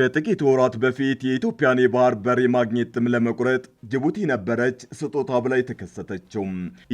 ከጥቂት ወራት በፊት የኢትዮጵያን የባህር በር የማግኘት ጥም ለመቁረጥ ጅቡቲ ነበረች ስጦታ ብላ የተከሰተችው።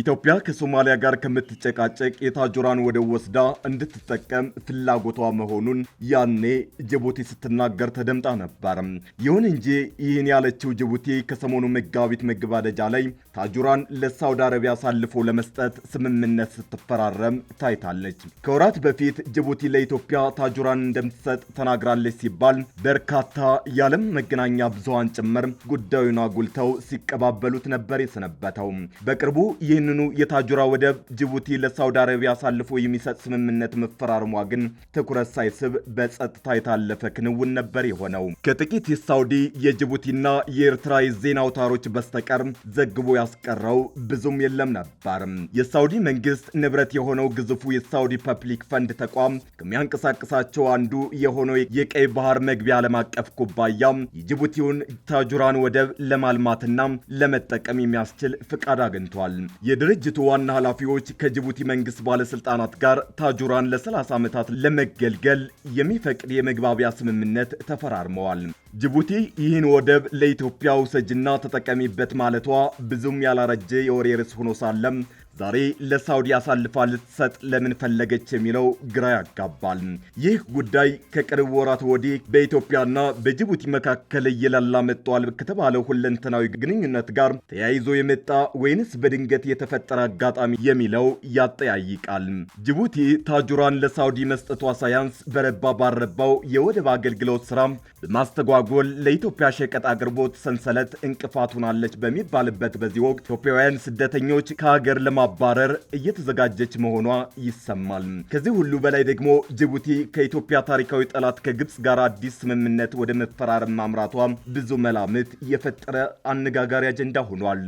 ኢትዮጵያ ከሶማሊያ ጋር ከምትጨቃጨቅ የታጆራን ወደብ ወስዳ እንድትጠቀም ፍላጎቷ መሆኑን ያኔ ጅቡቲ ስትናገር ተደምጣ ነበር። ይሁን እንጂ ይህን ያለችው ጅቡቲ ከሰሞኑ መጋቢት መገባደጃ ላይ ታጆራን ለሳውዲ አረቢያ አሳልፎ ለመስጠት ስምምነት ስትፈራረም ታይታለች። ከወራት በፊት ጅቡቲ ለኢትዮጵያ ታጆራን እንደምትሰጥ ተናግራለች ሲባል በርካታ የዓለም መገናኛ ብዙሃን ጭምር ጉዳዩን አጉልተው ሲቀባበሉት ነበር የሰነበተው። በቅርቡ ይህንኑ የታጁራ ወደብ ጅቡቲ ለሳውዲ አረቢያ አሳልፎ የሚሰጥ ስምምነት መፈራርሟ ግን ትኩረት ሳይስብ በጸጥታ የታለፈ ክንውን ነበር የሆነው። ከጥቂት የሳውዲ የጅቡቲና የኤርትራ የዜና አውታሮች በስተቀር ዘግቦ ያስቀረው ብዙም የለም ነበር። የሳውዲ መንግስት ንብረት የሆነው ግዙፉ የሳውዲ ፐብሊክ ፈንድ ተቋም ከሚያንቀሳቅሳቸው አንዱ የሆነው የቀይ ባህር መግቢያ ዓለም አቀፍ ኩባያ የጅቡቲውን ታጁራን ወደብ ለማልማትና ለመጠቀም የሚያስችል ፍቃድ አግኝቷል። የድርጅቱ ዋና ኃላፊዎች ከጅቡቲ መንግስት ባለስልጣናት ጋር ታጁራን ለ30 ዓመታት ለመገልገል የሚፈቅድ የመግባቢያ ስምምነት ተፈራርመዋል። ጅቡቲ ይህን ወደብ ለኢትዮጵያ ውሰጅና ተጠቀሚበት ማለቷ ብዙም ያላረጀ የወሬ ርዕስ ሆኖ ሳለም ዛሬ ለሳውዲ አሳልፋ ልትሰጥ ለምን ፈለገች የሚለው ግራ ያጋባል። ይህ ጉዳይ ከቅርብ ወራት ወዲህ በኢትዮጵያና በጅቡቲ መካከል እየላላ መጥቷል ከተባለው ሁለንተናዊ ግንኙነት ጋር ተያይዞ የመጣ ወይንስ በድንገት የተፈጠረ አጋጣሚ የሚለው ያጠያይቃል። ጅቡቲ ታጁራን ለሳውዲ መስጠቷ ሳያንስ በረባ ባረባው የወደብ አገልግሎት ስራ በማስተጓጎል ለኢትዮጵያ ሸቀጥ አቅርቦት ሰንሰለት እንቅፋት ሆናለች በሚባልበት በዚህ ወቅት ኢትዮጵያውያን ስደተኞች ከሀገር ለማ ለማባረር እየተዘጋጀች መሆኗ ይሰማል። ከዚህ ሁሉ በላይ ደግሞ ጅቡቲ ከኢትዮጵያ ታሪካዊ ጠላት ከግብፅ ጋር አዲስ ስምምነት ወደ መፈራረም ማምራቷ ብዙ መላምት የፈጠረ አነጋጋሪ አጀንዳ ሆኗል።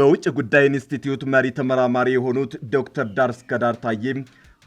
በውጭ ጉዳይ ኢንስቲትዩት መሪ ተመራማሪ የሆኑት ዶክተር ዳርስ ከዳር ታዬ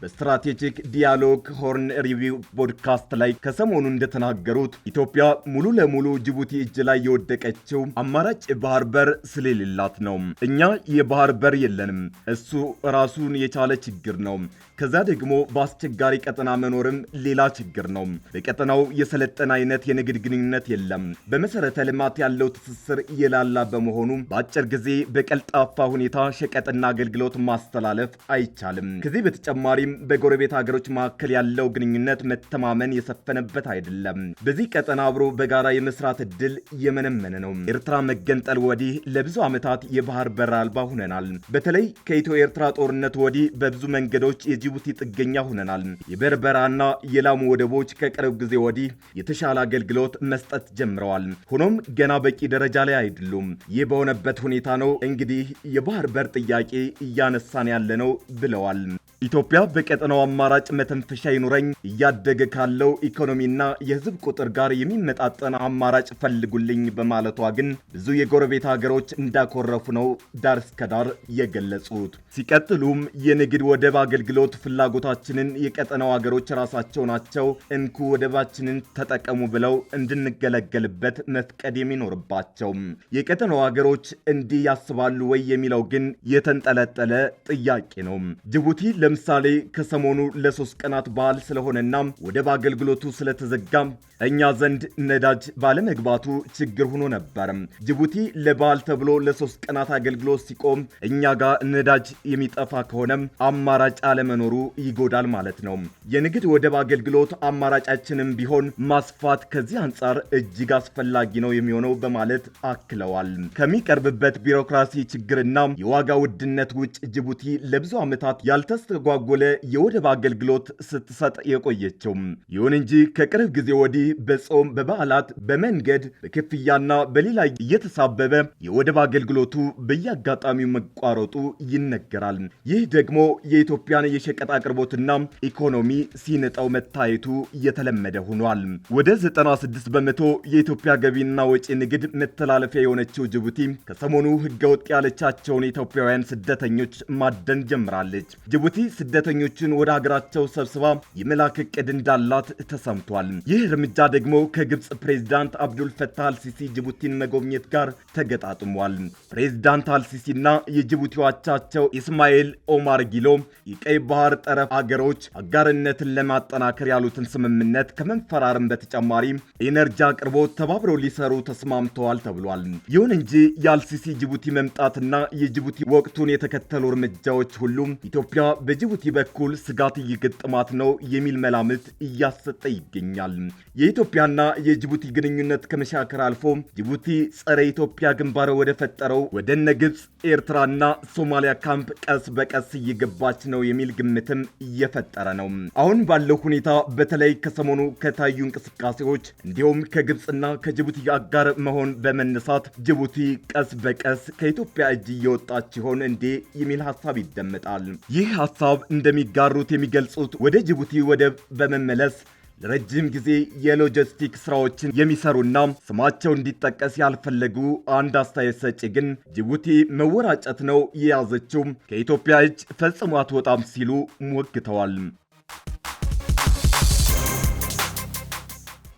በስትራቴጂክ ዲያሎግ ሆርን ሪቪው ፖድካስት ላይ ከሰሞኑ እንደተናገሩት ኢትዮጵያ ሙሉ ለሙሉ ጅቡቲ እጅ ላይ የወደቀችው አማራጭ የባህር በር ስለሌላት ነው። እኛ የባህር በር የለንም። እሱ ራሱን የቻለ ችግር ነው። ከዛ ደግሞ በአስቸጋሪ ቀጠና መኖርም ሌላ ችግር ነው። በቀጠናው የሰለጠነ አይነት የንግድ ግንኙነት የለም። በመሰረተ ልማት ያለው ትስስር የላላ በመሆኑ በአጭር ጊዜ በቀልጣፋ ሁኔታ ሸቀጥና አገልግሎት ማስተላለፍ አይቻልም። ከዚህ በተጨማሪም በጎረቤት ሀገሮች መካከል ያለው ግንኙነት መተማመን የሰፈነበት አይደለም። በዚህ ቀጠና አብሮ በጋራ የመስራት እድል የመነመነ ነው። ኤርትራ መገንጠል ወዲህ ለብዙ ዓመታት የባህር በር አልባ ሁነናል። በተለይ ከኢትዮ ኤርትራ ጦርነት ወዲህ በብዙ መንገዶች የጅቡቲ ጥገኛ ሆነናል። የበርበራና የላሙ ወደቦች ከቅርብ ጊዜ ወዲህ የተሻለ አገልግሎት መስጠት ጀምረዋል። ሆኖም ገና በቂ ደረጃ ላይ አይደሉም። ይህ በሆነበት ሁኔታ ነው እንግዲህ የባህር በር ጥያቄ እያነሳን ያለነው ብለዋል። ኢትዮጵያ በቀጠናው አማራጭ መተንፈሻ ይኑረኝ፣ እያደገ ካለው ኢኮኖሚና የህዝብ ቁጥር ጋር የሚመጣጠን አማራጭ ፈልጉልኝ በማለቷ ግን ብዙ የጎረቤት ሀገሮች እንዳኮረፉ ነው ዳር እስከ ዳር የገለጹት። ሲቀጥሉም የንግድ ወደብ አገልግሎት ፍላጎታችንን የቀጠናው አገሮች ራሳቸው ናቸው እንኩ ወደባችንን ተጠቀሙ ብለው እንድንገለገልበት መፍቀድ የሚኖርባቸው። የቀጠናው አገሮች እንዲህ ያስባሉ ወይ የሚለው ግን የተንጠለጠለ ጥያቄ ነው። ጅቡቲ ለምሳሌ ከሰሞኑ ለሶስት ቀናት በዓል ስለሆነና ወደብ አገልግሎቱ ስለተዘጋም እኛ ዘንድ ነዳጅ ባለመግባቱ ችግር ሆኖ ነበር። ጅቡቲ ለበዓል ተብሎ ለሶስት ቀናት አገልግሎት ሲቆም እኛ ጋር ነዳጅ የሚጠፋ ከሆነም አማራጭ አለመኖር መኖሩ ይጎዳል ማለት ነው። የንግድ ወደብ አገልግሎት አማራጫችንም ቢሆን ማስፋት ከዚህ አንጻር እጅግ አስፈላጊ ነው የሚሆነው በማለት አክለዋል። ከሚቀርብበት ቢሮክራሲ ችግርና የዋጋ ውድነት ውጭ ጅቡቲ ለብዙ ዓመታት ያልተስተጓጎለ የወደብ አገልግሎት ስትሰጥ የቆየችው፣ ይሁን እንጂ ከቅርብ ጊዜ ወዲህ በጾም በበዓላት፣ በመንገድ በክፍያና በሌላ እየተሳበበ የወደብ አገልግሎቱ በየአጋጣሚው መቋረጡ ይነገራል። ይህ ደግሞ የኢትዮጵያን የሸ የሸቀጥ አቅርቦትና ኢኮኖሚ ሲንጠው መታየቱ እየተለመደ ሆኗል። ወደ 96 በመቶ የኢትዮጵያ ገቢና ወጪ ንግድ መተላለፊያ የሆነችው ጅቡቲ ከሰሞኑ ህገወጥ ያለቻቸውን ኢትዮጵያውያን ስደተኞች ማደን ጀምራለች። ጅቡቲ ስደተኞችን ወደ ሀገራቸው ሰብስባ የመላክ እቅድ እንዳላት ተሰምቷል። ይህ እርምጃ ደግሞ ከግብፅ ፕሬዚዳንት አብዱል ፈታህ አልሲሲ ጅቡቲን መጎብኘት ጋር ተገጣጥሟል። ፕሬዚዳንት አልሲሲና የጅቡቲ አቻቸው ኢስማኤል ኦማር ጊሎ የቀይ ባህር የባህር ጠረፍ አገሮች አጋርነትን ለማጠናከር ያሉትን ስምምነት ከመንፈራርም በተጨማሪ ኤነርጂ አቅርቦት ተባብረው ሊሰሩ ተስማምተዋል ተብሏል። ይሁን እንጂ የአልሲሲ ጅቡቲ መምጣትና የጅቡቲ ወቅቱን የተከተሉ እርምጃዎች ሁሉም ኢትዮጵያ በጅቡቲ በኩል ስጋት እየገጠማት ነው የሚል መላምት እያሰጠ ይገኛል። የኢትዮጵያና የጅቡቲ ግንኙነት ከመሻከር አልፎ ጅቡቲ ጸረ ኢትዮጵያ ግንባር ወደ ፈጠረው ወደነ ግብፅ፣ ኤርትራና ሶማሊያ ካምፕ ቀስ በቀስ እየገባች ነው የሚል ግምት ግምትም እየፈጠረ ነው። አሁን ባለው ሁኔታ በተለይ ከሰሞኑ ከታዩ እንቅስቃሴዎች እንዲሁም ከግብፅና ከጅቡቲ አጋር መሆን በመነሳት ጅቡቲ ቀስ በቀስ ከኢትዮጵያ እጅ እየወጣች ሲሆን እንዴ የሚል ሀሳብ ይደመጣል። ይህ ሀሳብ እንደሚጋሩት የሚገልጹት ወደ ጅቡቲ ወደብ በመመለስ ለረጅም ጊዜ የሎጂስቲክ ስራዎችን የሚሰሩና ስማቸው እንዲጠቀስ ያልፈለጉ አንድ አስተያየት ሰጪ ግን ጅቡቲ መወራጨት ነው የያዘችው፣ ከኢትዮጵያ እጅ ፈጽሞ አትወጣም ሲሉ ሞግተዋል።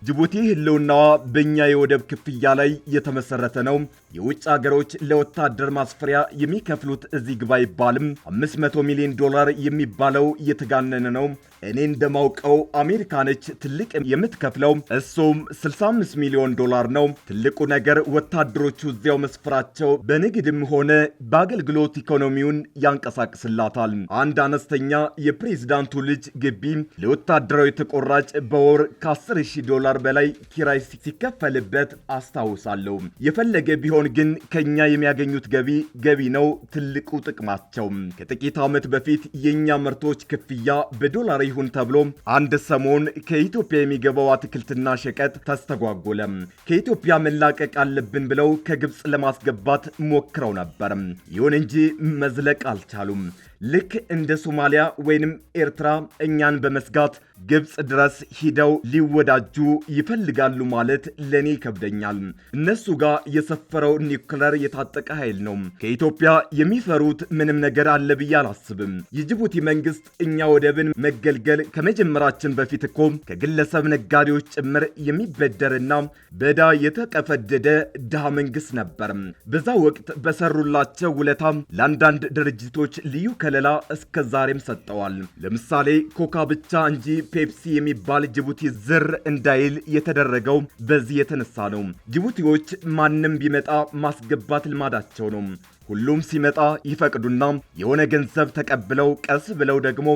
ጅቡቲ ህልውናዋ በእኛ የወደብ ክፍያ ላይ የተመሰረተ ነው። የውጭ አገሮች ለወታደር ማስፈሪያ የሚከፍሉት እዚህ ግባ አይባልም። 500 ሚሊዮን ዶላር የሚባለው እየተጋነነ ነው። እኔ እንደማውቀው አሜሪካ ነች ትልቅ የምትከፍለው፣ እሱም 65 ሚሊዮን ዶላር ነው። ትልቁ ነገር ወታደሮቹ እዚያው መስፈራቸው በንግድም ሆነ በአገልግሎት ኢኮኖሚውን ያንቀሳቅስላታል። አንድ አነስተኛ የፕሬዝዳንቱ ልጅ ግቢ ለወታደራዊ ተቆራጭ በወር ከ10,000 ዶላር በላይ ኪራይ ሲከፈልበት አስታውሳለሁ። የፈለገ ቢሆን ግን ከኛ የሚያገኙት ገቢ ገቢ ነው። ትልቁ ጥቅማቸው ከጥቂት ዓመት በፊት የእኛ ምርቶች ክፍያ በዶላር ይሁን ተብሎ አንድ ሰሞን ከኢትዮጵያ የሚገባው አትክልትና ሸቀጥ ተስተጓጎለ። ከኢትዮጵያ መላቀቅ አለብን ብለው ከግብፅ ለማስገባት ሞክረው ነበር። ይሁን እንጂ መዝለቅ አልቻሉም። ልክ እንደ ሶማሊያ ወይንም ኤርትራ እኛን በመስጋት ግብፅ ድረስ ሂደው ሊወዳጁ ይፈልጋሉ ማለት ለእኔ ይከብደኛል። እነሱ ጋር የሰፈረው ኒውክለር የታጠቀ ኃይል ነው። ከኢትዮጵያ የሚፈሩት ምንም ነገር አለ ብዬ አላስብም። የጅቡቲ መንግስት እኛ ወደብን መገልገል ከመጀመራችን በፊት እኮ ከግለሰብ ነጋዴዎች ጭምር የሚበደርና በዳ የተቀፈደደ ድሃ መንግስት ነበር። በዛ ወቅት በሰሩላቸው ውለታ ለአንዳንድ ድርጅቶች ልዩ ከለላ ዛሬም ሰጠዋል። ለምሳሌ ኮካ ብቻ እንጂ ፔፕሲ የሚባል ጅቡቲ ዝር እንዳይል የተደረገው በዚህ የተነሳ ነው። ጅቡቲዎች ማንም ቢመጣ ማስገባት ልማዳቸው ነው። ሁሉም ሲመጣ ይፈቅዱና የሆነ ገንዘብ ተቀብለው ቀስ ብለው ደግሞ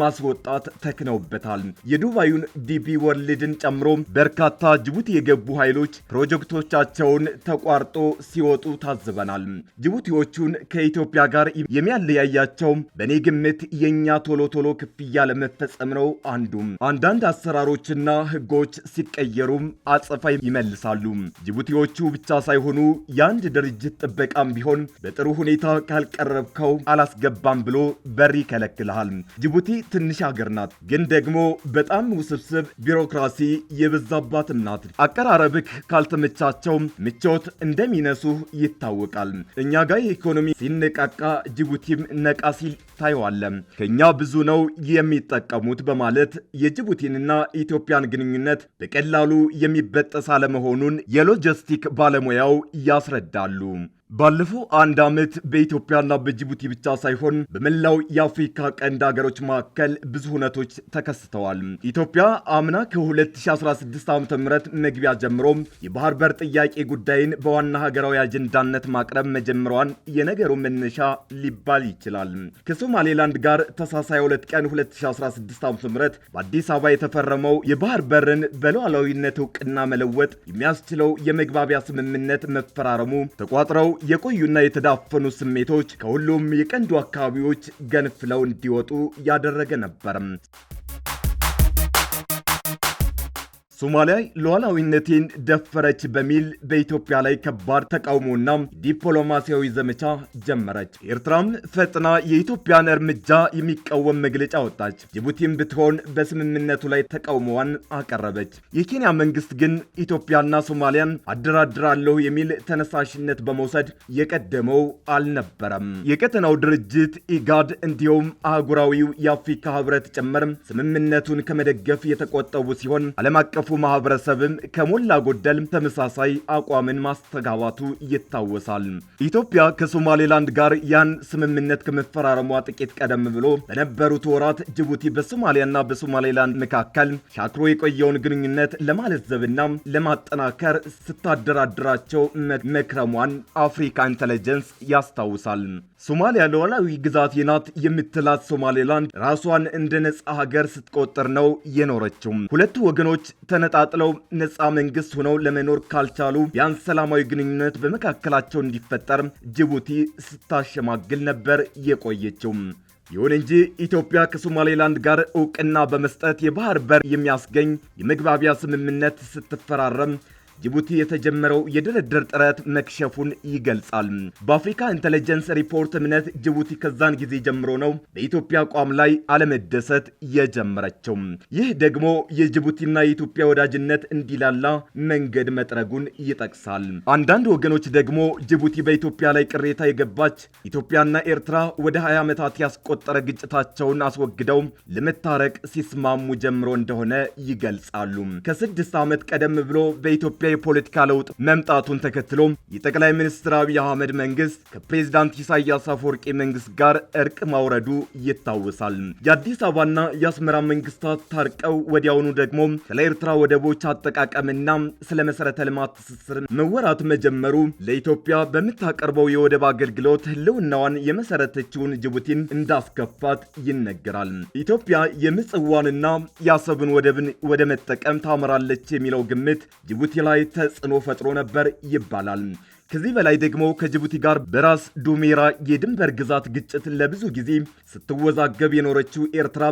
ማስወጣት ተክነውበታል። የዱባዩን ዲፒ ወርልድን ጨምሮ በርካታ ጅቡቲ የገቡ ኃይሎች ፕሮጀክቶቻቸውን ተቋርጦ ሲወጡ ታዝበናል። ጅቡቲዎቹን ከኢትዮጵያ ጋር የሚያለያያቸው በእኔ ግምት የእኛ ቶሎ ቶሎ ክፍያ ለመፈጸም ነው። አንዱም አንዳንድ አሰራሮችና ህጎች ሲቀየሩም አጸፋ ይመልሳሉ። ጅቡቲዎቹ ብቻ ሳይሆኑ የአንድ ድርጅት ጥበቃም ቢሆን በጥሩ ሁኔታ ካልቀረብከው አላስገባም ብሎ በር ይከለክልሃል። ጅቡቲ ትንሽ ሀገር ናት፣ ግን ደግሞ በጣም ውስብስብ ቢሮክራሲ የበዛባት ናት። አቀራረብክ ካልተመቻቸው ምቾት እንደሚነሱ ይታወቃል። እኛ ጋር የኢኮኖሚ ሲነቃቃ ጅቡቲም ነቃ ሲል ታየዋለም። ከእኛ ብዙ ነው የሚጠቀሙት በማለት የጅቡቲንና ኢትዮጵያን ግንኙነት በቀላሉ የሚበጠስ አለመሆኑን የሎጂስቲክ ባለሙያው ያስረዳሉ። ባለፈው አንድ ዓመት በኢትዮጵያና በጅቡቲ ብቻ ሳይሆን በመላው የአፍሪካ ቀንድ ሀገሮች መካከል ብዙ ሁነቶች ተከስተዋል። ኢትዮጵያ አምና ከ2016 ዓ ም መግቢያ ጀምሮ የባህር በር ጥያቄ ጉዳይን በዋና ሀገራዊ አጀንዳነት ማቅረብ መጀመሯን የነገሩ መነሻ ሊባል ይችላል። ከሶማሌላንድ ጋር ተሳሳይ 2 ቀን 2016 ዓ ም በአዲስ አበባ የተፈረመው የባህር በርን በሉዓላዊነት እውቅና መለወጥ የሚያስችለው የመግባቢያ ስምምነት መፈራረሙ ተቋጥረው የቆዩና የተዳፈኑ ስሜቶች ከሁሉም የቀንዱ አካባቢዎች ገንፍለው እንዲወጡ ያደረገ ነበርም። ሶማሊያ ሉዓላዊነቴን ደፈረች በሚል በኢትዮጵያ ላይ ከባድ ተቃውሞና ዲፕሎማሲያዊ ዘመቻ ጀመረች። ኤርትራም ፈጥና የኢትዮጵያን እርምጃ የሚቃወም መግለጫ ወጣች። ጅቡቲም ብትሆን በስምምነቱ ላይ ተቃውሞዋን አቀረበች። የኬንያ መንግስት ግን ኢትዮጵያና ሶማሊያን አደራድራለሁ የሚል ተነሳሽነት በመውሰድ የቀደመው አልነበረም። የቀጠናው ድርጅት ኢጋድ እንዲሁም አህጉራዊው የአፍሪካ ህብረት ጭምር ስምምነቱን ከመደገፍ የተቆጠቡ ሲሆን ዓለም አቀፉ አቀፉ ማህበረሰብም ከሞላ ጎደል ተመሳሳይ አቋምን ማስተጋባቱ ይታወሳል። ኢትዮጵያ ከሶማሌላንድ ጋር ያን ስምምነት ከመፈራረሟ ጥቂት ቀደም ብሎ በነበሩት ወራት ጅቡቲ በሶማሊያና በሶማሌላንድ መካከል ሻክሮ የቆየውን ግንኙነት ለማለዘብና ለማጠናከር ስታደራድራቸው መክረሟን አፍሪካ ኢንተለጀንስ ያስታውሳል። ሶማሊያ ሉዓላዊ ግዛቴ ናት የምትላት ሶማሌላንድ ራሷን እንደ ነጻ ሀገር ስትቆጥር ነው የኖረችው። ሁለቱ ወገኖች ተነጣጥለው ነፃ መንግስት ሆነው ለመኖር ካልቻሉ ያን ሰላማዊ ግንኙነት በመካከላቸው እንዲፈጠር ጅቡቲ ስታሸማግል ነበር የቆየችው። ይሁን እንጂ ኢትዮጵያ ከሶማሌላንድ ጋር እውቅና በመስጠት የባህር በር የሚያስገኝ የመግባቢያ ስምምነት ስትፈራረም ጅቡቲ የተጀመረው የድርድር ጥረት መክሸፉን ይገልጻል። በአፍሪካ ኢንቴሊጀንስ ሪፖርት እምነት ጅቡቲ ከዛን ጊዜ ጀምሮ ነው በኢትዮጵያ አቋም ላይ አለመደሰት የጀመረችው። ይህ ደግሞ የጅቡቲና የኢትዮጵያ ወዳጅነት እንዲላላ መንገድ መጥረጉን ይጠቅሳል። አንዳንድ ወገኖች ደግሞ ጅቡቲ በኢትዮጵያ ላይ ቅሬታ የገባች ኢትዮጵያና ኤርትራ ወደ 20 ዓመታት ያስቆጠረ ግጭታቸውን አስወግደው ለመታረቅ ሲስማሙ ጀምሮ እንደሆነ ይገልጻሉ። ከስድስት ዓመት ቀደም ብሎ በኢትዮጵያ የፖለቲካ ለውጥ መምጣቱን ተከትሎ የጠቅላይ ሚኒስትር አብይ አህመድ መንግስት ከፕሬዝዳንት ኢሳያስ አፈወርቂ መንግስት ጋር እርቅ ማውረዱ ይታወሳል። የአዲስ አበባና የአስመራ መንግስታት ታርቀው ወዲያውኑ ደግሞ ስለ ኤርትራ ወደቦች አጠቃቀምና ስለ መሰረተ ልማት ትስስር መወራት መጀመሩ ለኢትዮጵያ በምታቀርበው የወደብ አገልግሎት ህልውናዋን የመሰረተችውን ጅቡቲን እንዳስከፋት ይነገራል። ኢትዮጵያ የምጽዋንና የአሰብን ወደብን ወደ መጠቀም ታመራለች የሚለው ግምት ጅቡቲ ላይ ላይ ተጽዕኖ ፈጥሮ ነበር ይባላል። ከዚህ በላይ ደግሞ ከጅቡቲ ጋር በራስ ዱሜራ የድንበር ግዛት ግጭት ለብዙ ጊዜ ስትወዛገብ የኖረችው ኤርትራ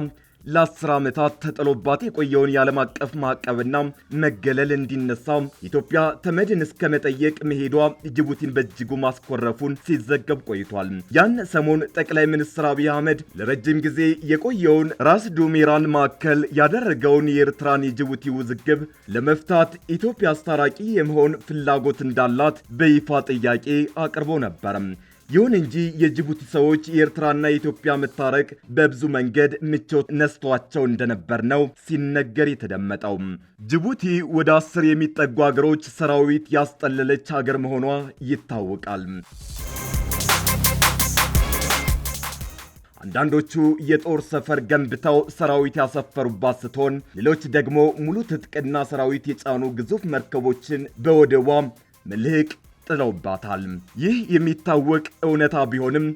ለ10 ዓመታት ተጥሎባት የቆየውን የዓለም አቀፍ ማዕቀብና መገለል እንዲነሳ ኢትዮጵያ ተመድን እስከ መጠየቅ መሄዷ ጅቡቲን በእጅጉ ማስኮረፉን ሲዘገብ ቆይቷል። ያን ሰሞን ጠቅላይ ሚኒስትር አብይ አህመድ ለረጅም ጊዜ የቆየውን ራስ ዱሜራን ማዕከል ያደረገውን የኤርትራን የጅቡቲ ውዝግብ ለመፍታት ኢትዮጵያ አስታራቂ የመሆን ፍላጎት እንዳላት በይፋ ጥያቄ አቅርቦ ነበር። ይሁን እንጂ የጅቡቲ ሰዎች የኤርትራና የኢትዮጵያ መታረቅ በብዙ መንገድ ምቾት ነስቷቸው እንደነበር ነው ሲነገር የተደመጠው። ጅቡቲ ወደ አስር የሚጠጉ ሀገሮች ሰራዊት ያስጠለለች ሀገር መሆኗ ይታወቃል። አንዳንዶቹ የጦር ሰፈር ገንብተው ሰራዊት ያሰፈሩባት ስትሆን ሌሎች ደግሞ ሙሉ ትጥቅና ሰራዊት የጫኑ ግዙፍ መርከቦችን በወደቧ መልህቅ ጥለውባታል። ይህ የሚታወቅ እውነታ ቢሆንም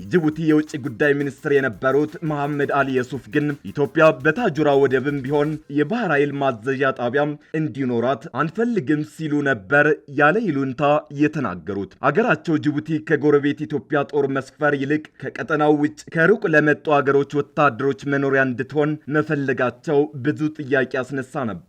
የጅቡቲ የውጭ ጉዳይ ሚኒስትር የነበሩት መሐመድ አሊ የሱፍ ግን ኢትዮጵያ በታጁራ ወደብም ቢሆን የባህር ኃይል ማዘዣ ጣቢያ እንዲኖራት አንፈልግም ሲሉ ነበር ያለ ይሉንታ የተናገሩት። አገራቸው ጅቡቲ ከጎረቤት ኢትዮጵያ ጦር መስፈር ይልቅ ከቀጠናው ውጭ ከሩቅ ለመጡ አገሮች ወታደሮች መኖሪያ እንድትሆን መፈለጋቸው ብዙ ጥያቄ ያስነሳ ነበር።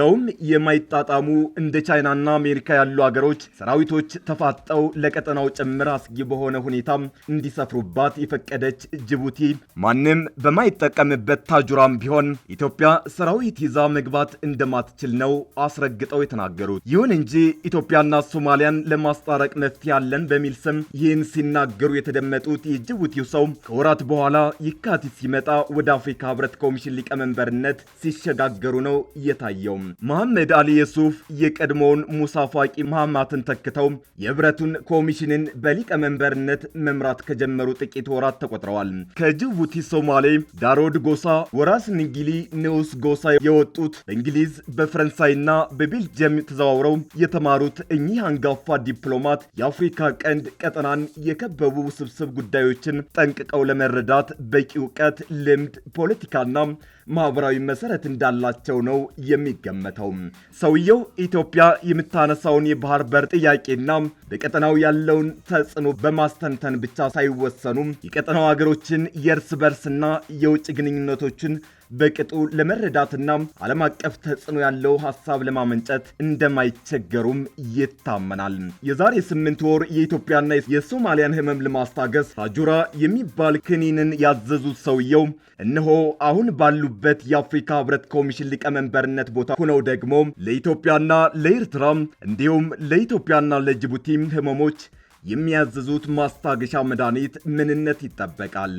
ያውም የማይጣጣሙ እንደ ቻይናና አሜሪካ ያሉ አገሮች ሰራዊቶች ተፋጠው ለቀጠናው ጭምር አስጊ በሆነ ሁኔታ እንዲሰ እንዲሰፍሩባት የፈቀደች ጅቡቲ ማንም በማይጠቀምበት ታጁራም ቢሆን ኢትዮጵያ ሰራዊት ይዛ መግባት እንደማትችል ነው አስረግጠው የተናገሩት። ይሁን እንጂ ኢትዮጵያና ሶማሊያን ለማስታረቅ መፍትሄ አለን በሚል ስም ይህን ሲናገሩ የተደመጡት የጅቡቲው ሰው ከወራት በኋላ የካቲት ሲመጣ ወደ አፍሪካ ህብረት ኮሚሽን ሊቀመንበርነት ሲሸጋገሩ ነው የታየው። መሐመድ አሊ የሱፍ የቀድሞውን ሙሳ ፋቂ መሐማትን ተክተው የህብረቱን ኮሚሽንን በሊቀመንበርነት መምራት ከጀመ ከጀመሩ ጥቂት ወራት ተቆጥረዋል። ከጅቡቲ ሶማሌ ዳሮድ ጎሳ፣ ወራስ ንግሊ፣ ንዑስ ጎሳ የወጡት በእንግሊዝ በፈረንሳይና በቤልጅየም ተዘዋውረው የተማሩት እኚህ አንጋፋ ዲፕሎማት የአፍሪካ ቀንድ ቀጠናን የከበቡ ውስብስብ ጉዳዮችን ጠንቅቀው ለመረዳት በቂ እውቀት፣ ልምድ፣ ፖለቲካና ማህበራዊ መሰረት እንዳላቸው ነው የሚገመተው። ሰውየው ኢትዮጵያ የምታነሳውን የባህር በር ጥያቄና በቀጠናው ያለውን ተጽዕኖ በማስተንተን ብቻ ሳይወሰኑም የቀጠናው ሀገሮችን የእርስ በርስና የውጭ ግንኙነቶችን በቅጡ ለመረዳትና ዓለም አቀፍ ተጽዕኖ ያለው ሀሳብ ለማመንጨት እንደማይቸገሩም ይታመናል። የዛሬ ስምንት ወር የኢትዮጵያና የሶማሊያን ህመም ለማስታገስ ታጁራ የሚባል ክኒንን ያዘዙት ሰውየው እነሆ አሁን ባሉበት የአፍሪካ ህብረት ኮሚሽን ሊቀመንበርነት ቦታ ሆነው ደግሞ ለኢትዮጵያና ለኤርትራ እንዲሁም ለኢትዮጵያና ለጅቡቲም ህመሞች የሚያዘዙት ማስታገሻ መድኃኒት ምንነት ይጠበቃል።